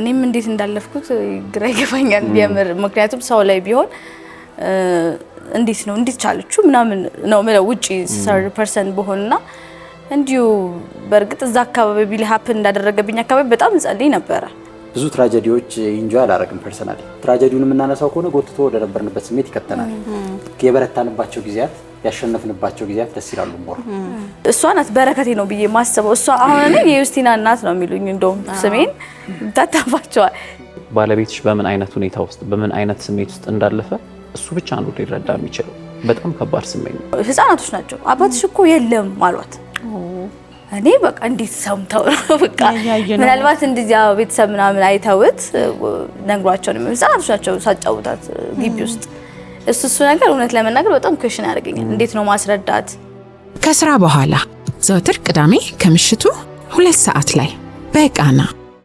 እኔም እንዴት እንዳለፍኩት ግራ ይገባኛል የምር። ምክንያቱም ሰው ላይ ቢሆን እንዴት ነው እንዴት ቻለች ምናምን ነው ምለው ውጪ ሰር ፐርሰን በሆንና እንዲሁ በእርግጥ እዛ አካባቢ ቢል ሀፕን እንዳደረገብኝ አካባቢ በጣም ጸልይ ነበረ። ብዙ ትራጀዲዎች እንጆ አላረግም ፐርሰናል። ትራጀዲውን የምናነሳው ከሆነ ጎትቶ ወደነበርንበት ስሜት ይከተናል። የበረታንባቸው ጊዜያት ያሸነፍንባቸው ጊዜያት ደስ ይላሉ። ሞር እሷ ናት በረከቴ ነው ብዬ ማስበው እሷ። አሁን እኔ የዩስቲና እናት ነው የሚሉኝ፣ እንደውም ስሜን ታታፋቸዋል። ባለቤትሽ በምን አይነት ሁኔታ ውስጥ በምን አይነት ስሜት ውስጥ እንዳለፈ እሱ ብቻ ነው ሊረዳ የሚችለው። በጣም ከባድ ስሜት ነው። ህፃናቶች ናቸው። አባትሽ እኮ የለም አሏት። እኔ በቃ እንዴት ሰምተው ነው በቃ ምናልባት እንደዚያ ቤተሰብ ምናምን አይተውት ነግሯቸው ነው። ህፃናቶች ናቸው ሳጫውታት ግቢ ውስጥ እሱ እሱ ነገር እውነት ለመናገር በጣም ኩዌሽን ያደርገኛል። እንዴት ነው ማስረዳት? ከስራ በኋላ ዘወትር ቅዳሜ ከምሽቱ ሁለት ሰዓት ላይ በቃና